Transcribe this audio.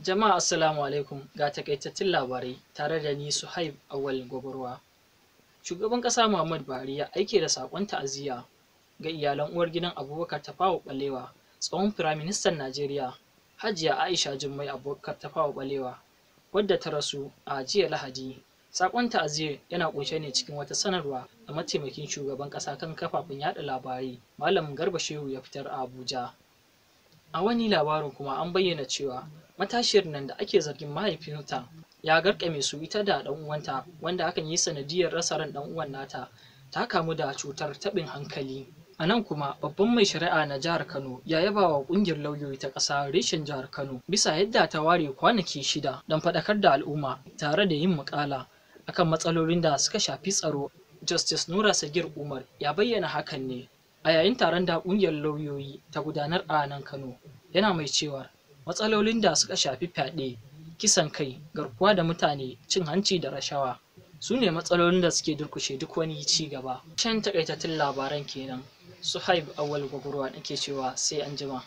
Jama'a Assalamu alaikum ga takaitattun labarai tare da ni Suhaib Awal Gobarwa. Shugaban ƙasa Muhammad Buhari ya aike da saƙon ta'aziyya ga iyalan uwar gidan Abubakar Tafawa Balewa, tsohon Firaministan Najeriya, Hajiya Aisha Jummai Abubakar Tafawa Balewa, wadda ta rasu a jiya Lahadi. Saƙon ta'aziyyar yana ƙunshe ne cikin wata sanarwa da mataimakin shugaban ƙasa kan kafafen yaɗa labarai Malam Garba Shehu ya fitar a Abuja. A wani labarin kuma an bayyana cewa matashiyar nan da ake zargin mahaifinta ya garkame su ita da ɗan uwanta wanda hakan yi sanadiyar rasa ran ɗan uwan nata ta kamu da cutar taɓin hankali. A nan kuma babban mai shari'a na jihar Kano ya yaba wa kungiyar lauyoyi ta ƙasa reshen jihar Kano bisa yadda ta ware kwanaki shida don faɗakar da al'umma tare da yin muƙala akan matsalolin da suka shafi tsaro. Justice Nura Sagir Umar ya bayyana hakan ne a yayin taron da ƙungiyar lauyoyi ta gudanar a nan kano yana mai cewa matsalolin da suka shafi fyaɗe kisan kai garkuwa da mutane cin hanci da rashawa su ne matsalolin da suke durkushe duk wani ci gaba can takaitattun labaran kenan suhaib awal gwagwarwa nake cewa sai an jima